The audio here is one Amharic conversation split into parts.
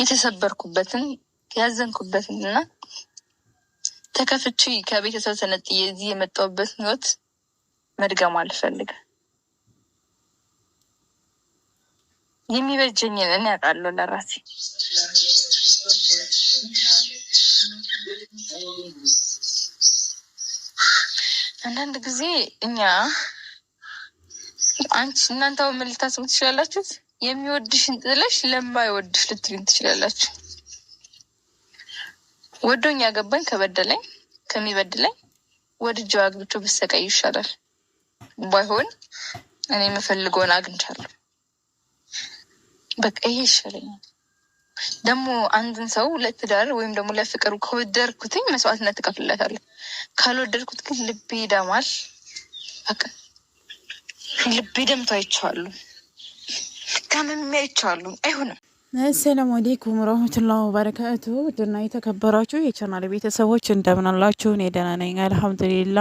የተሰበርኩበትን ያዘንኩበትን እና ተከፍቼ ከቤተሰብ ተነጥዬ እዚህ የመጣሁበት ህይወት መድገም አልፈልግም። የሚበጀኝን እኔ አውቃለሁ ለራሴ አንዳንድ ጊዜ እኛ አንቺ እናንተ ምን ልታስቡ ትችላላችሁት የሚወድሽን ጥለሽ ለማይወድሽ ልትሪን ትችላላችሁ። ወዶኝ ያገባኝ ከበደለኝ ከሚበድለኝ ወድጀው አግብቶ ብሰቃይ ይሻላል። ባይሆን እኔ የምፈልገውን አግኝቻለሁ፣ በቃ ይሄ ይሻለኛል። ደግሞ አንድን ሰው ለትዳር ወይም ደግሞ ለፍቅሩ ከወደድኩትኝ መስዋዕትነት ትከፍልለታለሁ። ካልወደድኩት ግን ልቤ ይደማል፣ በቃ ልቤ ደምቶ አይቼዋለሁ። ከምሜ ይቻሉ አይሁንም። አሰላሙ አሌይኩም ረህመቱላህ ወበረካቱ ድና የተከበራችሁ የቻናል ቤተሰቦች እንደምናላችሁ፣ አላችሁ? እኔ ደህና ነኝ አልሐምዱሊላ።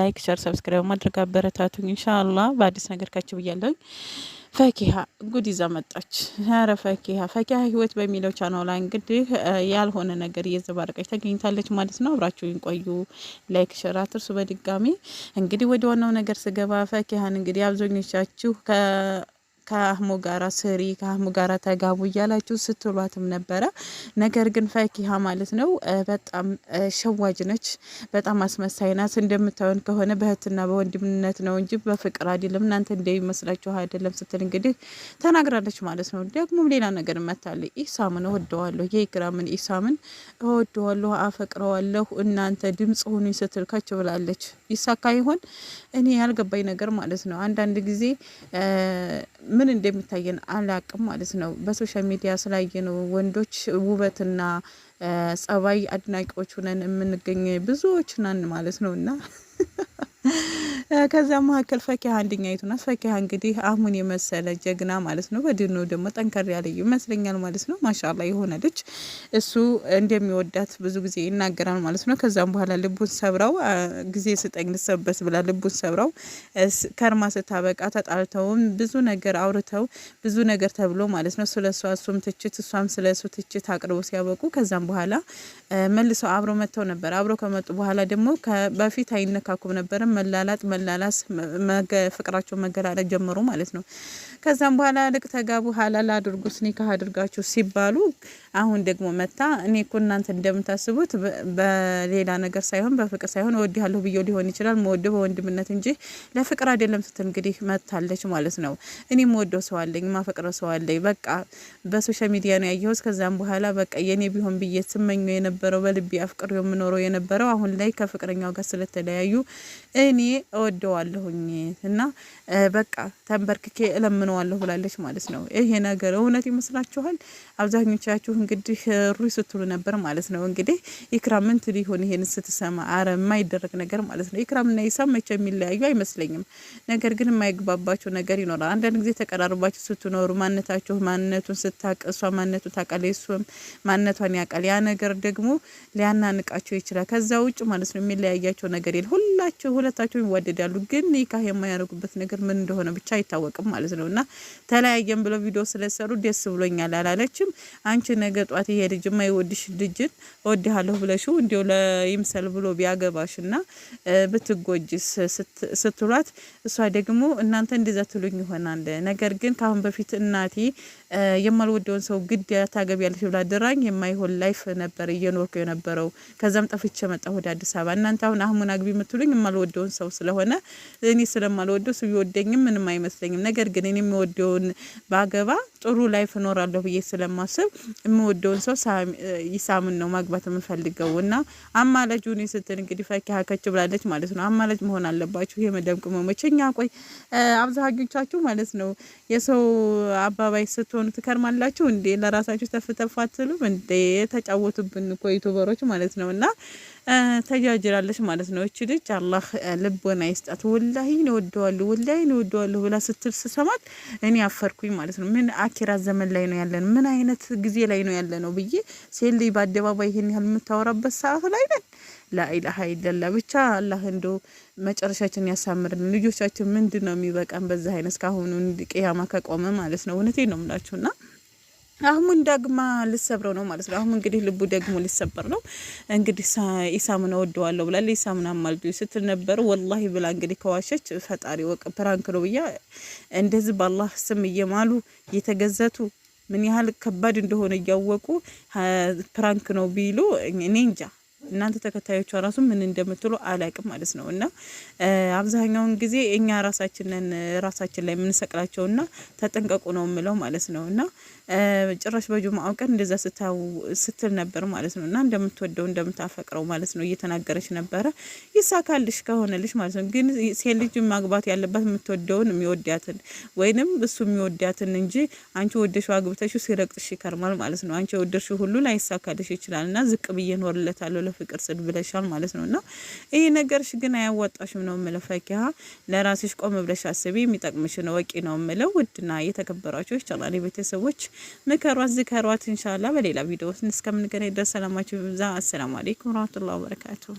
ላይክ፣ ሸር፣ ሰብስክራይብ ማድረግ አበረታቱኝ። እንሻላ በአዲስ ነገር ካችሁ ብያለሁኝ። ፈኪሀ ጉድ ይዛ መጣች። ኧረ ፈኪሀ ፈኪሀ ህይወት በሚለው ቻናል እንግዲህ ያልሆነ ነገር እየዘባረቀች ተገኝታለች ማለት ነው። አብራችሁኝ ቆዩ። ላይክ ሸር አትርሱ። በድጋሚ እንግዲህ ወደ ዋናው ነገር ስገባ ፈኪሀን እንግዲህ አብዛኞቻችሁ ከአህሙ ጋራ ስሪ፣ ከአህሙ ጋራ ተጋቡ እያላችሁ ስትሏትም ነበረ። ነገር ግን ፈኪሃ ማለት ነው በጣም ሸዋጅ ነች፣ በጣም አስመሳይ ናት። እንደምታዩን ከሆነ በእህትና በወንድምነት ነው እንጂ በፍቅር አይደለም፣ እናንተ እንደሚመስላችሁ አይደለም ስትል እንግዲህ ተናግራለች ማለት ነው። ደግሞ ሌላ ነገር መታለ። ኢሳምን እወደዋለሁ፣ የኢክራምን ኢሳምን እወደዋለሁ፣ አፈቅረዋለሁ፣ እናንተ ድምጽ ሆኑኝ ስትል ከች ብላለች። ይሳካ ይሆን? እኔ ያልገባኝ ነገር ማለት ነው አንዳንድ ጊዜ ምን እንደሚታየን አላቅም ማለት ነው። በሶሻል ሚዲያ ስላየ ነው ወንዶች ውበትና ጸባይ አድናቂዎች ሁነን የምንገኝ ብዙዎች ናን ማለት ነው እና ከዛ መካከል ፈኪሀ አንደኛይቱ ናት። ፈኪሀ እንግዲህ አሁን የመሰለ ጀግና ማለት ነው። በድኑ ደግሞ ጠንከር ያለ ይመስለኛል ማለት ነው። ማሻላ የሆነ ልጅ እሱ እንደሚወዳት ብዙ ጊዜ ይናገራል ማለት ነው። ከዛም በኋላ ልቡን ሰብራው ጊዜ ስጠኝ ልሰበስ ብላ ልቡን ሰብራው ከርማ ስታበቃ ተጣልተውም ብዙ ነገር አውርተው ብዙ ነገር ተብሎ ማለት ነው ስለ እሷ እሱም ትችት እሷም ስለ እሱ ትችት አቅርቦ ሲያበቁ ከዛም በኋላ መልሰው አብሮ መጥተው ነበር። አብሮ ከመጡ በኋላ ደግሞ በፊት አይነካኩም ነበረ መላላጥ መላላስ ፍቅራቸው መገላለጥ ጀመሩ ማለት ነው። ከዛም በኋላ ልቅ ተጋቡ ሀላል አድርጉ ስኒካ አድርጋችሁ ሲባሉ አሁን ደግሞ መታ እኔ እኮ እናንተ እንደምታስቡት በሌላ ነገር ሳይሆን በፍቅር ሳይሆን እወድሃለሁ ብዬ ሊሆን ይችላል መወደው በወንድምነት እንጂ ለፍቅር አይደለም ስትል እንግዲህ መታለች ማለት ነው። እኔም ወደው ሰው አለኝ ማፈቅረው ሰው አለኝ በቃ በሶሻል ሚዲያ ነው ያየሁት። ከዛም በኋላ በቃ የኔ ቢሆን ብዬ ስመኘው የነበረው በልቤ አፍቅሬው የምኖረው የነበረው አሁን ላይ ከፍቅረኛው ጋር ስለተለያዩ እኔ እወደዋለሁኝ እና በቃ ተንበርክኬ እለምነዋለሁ ብላለች ማለት ነው። ይሄ ነገር እውነት ይመስላችኋል? አብዛኞቻችሁ እንግዲህ ሩይ ስትሉ ነበር ማለት ነው። እንግዲህ ኢክራምን ትል ይሄን ስትሰማ፣ አረ የማይደረግ ነገር ማለት ነው። ኢክራምና ኢሳም መቼ የሚለያዩ አይመስለኝም። ነገር ግን የማይግባባቸው ነገር ይኖራል። አንዳንድ ጊዜ ተቀራርባችሁ ስትኖሩ ማንነታችሁ ማንነቱን ስታቅ እሷ ማንነቱን ታውቃለች፣ እሱም ማንነቷን ያውቃል። ያ ነገር ደግሞ ሊያናንቃቸው ይችላል። ከዛ ውጭ ማለት ነው የሚለያያቸው ነገር የለ። ሁላችሁ ሁለታችሁ ይዋደዳል ይሄዳሉ። ግን ኒካህ የማያደርጉበት ነገር ምን እንደሆነ ብቻ አይታወቅም ማለት ነው። እና ተለያየን ብለው ቪዲዮ ስለሰሩ ደስ ብሎኛል አላለችም። አንቺ ነገ ጧት ይሄ ልጅ የማይወድሽ ልጅን እወድሃለሁ ብለሽው እንዲው ለይምሰል ብሎ ቢያገባሽ እና ብትጎጂስ ስትሏት እሷ ደግሞ እናንተ እንደዛ ትሉኝ ይሆናል ነገር ግን ከአሁን በፊት እናቴ የማልወደውን ሰው ግድ ያለች ብላ ድራኝ የማይሆን ላይፍ ነበር እየኖርኩ የነበረው። ከዛም ጠፍቼ መጣ ወደ አዲስ አበባ። እናንተ አሁን አህሙን አግቢ የምትሉኝ የማልወደውን ሰው ስለሆነ እኔ ስለማልወደው ሰው ቢወደኝም ምንም አይመስለኝም። ነገር ግን እኔ የሚወደውን ባገባ ጥሩ ላይፍ እኖራለሁ ብዬ ስለማስብ የምወደውን ሰው ይሳምን ነው ማግባት የምፈልገው እና አማላጅ ሁኔ ስትል እንግዲህ ፈኪ ሀከች ብላለች ማለት ነው። አማላጅ መሆን አለባችሁ የመደም ቅመሞች። እኛ ቆይ አብዛኞቻችሁ ማለት ነው የሰው አባባይ ስትሆኑ ትከርማላችሁ እንዴ? ለራሳችሁ ተፍተፋትሉም እንዴ? የተጫወቱብን እኮ ዩቱበሮች ማለት ነው እና ተጃጅራለች ማለት ነው። እች ልጅ አላህ ልቦና ይስጣት። ወላሂ ነው ወላሂ ነው ብላ ስትል ስሰማት እኔ አፈርኩኝ ማለት ነው። ምን አኪራ ዘመን ላይ ነው ያለነው? ምን አይነት ጊዜ ላይ ነው ነው ብዬ ሴት ልጅ በአደባባይ ይህን ያህል የምታወራበት ሰዓት ላይ ነን። ላኢላሀ ኢለላ ብቻ አላህ እንዶ መጨረሻችን ያሳምርልን። ልጆቻችን ምንድን ነው የሚበቃን በዚህ አይነት እስካሁኑ ቅያማ ከቆመ ማለት ነው። እውነቴ ነው ምላችሁና አህሙን ዳግማ ልሰብረው ነው ማለት ነው። አህሙ እንግዲህ ልቡ ደግሞ ሊሰበር ነው እንግዲህ ኢሳምን እወደዋለሁ ብላለች። ኢሳምን አማልጆ ስትል ነበር ወላሂ ብላ እንግዲህ ከዋሸች ፈጣሪ ወቅ ፕራንክ ነው ብያ እንደዚህ በአላህ ስም እየማሉ እየተገዘቱ ምን ያህል ከባድ እንደሆነ እያወቁ ፕራንክ ነው ቢሉ እኔ እንጃ እናንተ ተከታዮቿ ራሱ ምን እንደምትሉ አላቅም ማለት ነው። እና አብዛኛውን ጊዜ እኛ ራሳችንን ራሳችን ላይ የምንሰቅላቸውና ተጠንቀቁ ነው የምለው ማለት ነው እና ጭራሽ በጁምአው ቀን እንደዛ ስትል ነበር ማለት ነው። እና እንደምትወደው እንደምታፈቅረው ማለት ነው እየተናገረች ነበረ። ይሳካልሽ ከሆነልሽ ማለት ነው። ግን ሴት ልጅ ማግባት ያለባት የምትወደውን የሚወዳትን ወይንም እሱ የሚወዳትን እንጂ አንቺ ወደሽው አግብተሽው ሲረቅጥሽ ይከርማል ማለት ነው። አንቺ የወደድሽው ሁሉ ላይሳካልሽ ይችላል። እና ዝቅ ብዬ እኖርለታለሁ ለፍቅር ስል ብለሻል ማለት ነው። እና ይህ ነገርሽ ግን አያዋጣሽም ነው የምለው። ፈኪሀ ለራስሽ ቆም ብለሽ አስቢ። የሚጠቅምሽ ነው ወቂ ነው የምለው። ውድና የተከበራችሁ ቻናሌ ቤተሰቦች ምከሯት፣ ዝከሯት። እንሻላ በሌላ ቪዲዮ እስከምንገናኝ ድረስ ሰላማችሁ ብዛ። አሰላሙ አለይኩም ወራህመቱላሂ ወበረካቱሁ።